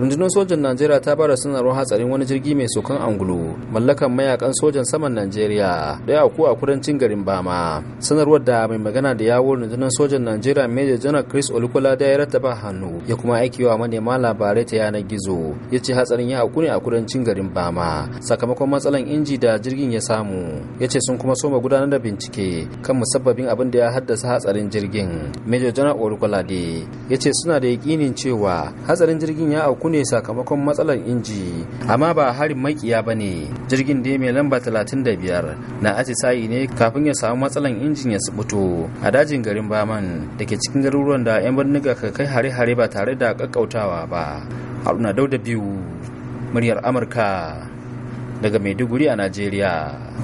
rundunar sojan najeriya ta bada sanarwar hatsarin wani jirgi mai sokan angulu mallakan mayakan sojan saman najeriya da ya ku a kudancin garin bama sanarwar da mai magana da yawon rundunar sojan najeriya major general chris olukola da ya rattaba hannu ya kuma aiki wa manema labarai ta yanar gizo ya ce hatsarin ya auku ne a kudancin garin bama sakamakon matsalan inji da jirgin ya samu ya ce sun kuma soma gudanar da bincike kan musabbabin abin da ya haddasa hatsarin jirgin major general olukola ya ce suna da yakinin cewa hatsarin jirgin ya auku ne sakamakon matsalar inji amma ba harin makiya ba ne jirgin da mai lamba 35 na atisayi ne kafin ya samu matsalar injin ya subuto a dajin garin baman da ke cikin garuruwan da 'yan birniga ka kai hare-hare ba tare da kakkautawa ba haruna dauda biyu muryar amurka daga maiduguri a najeriya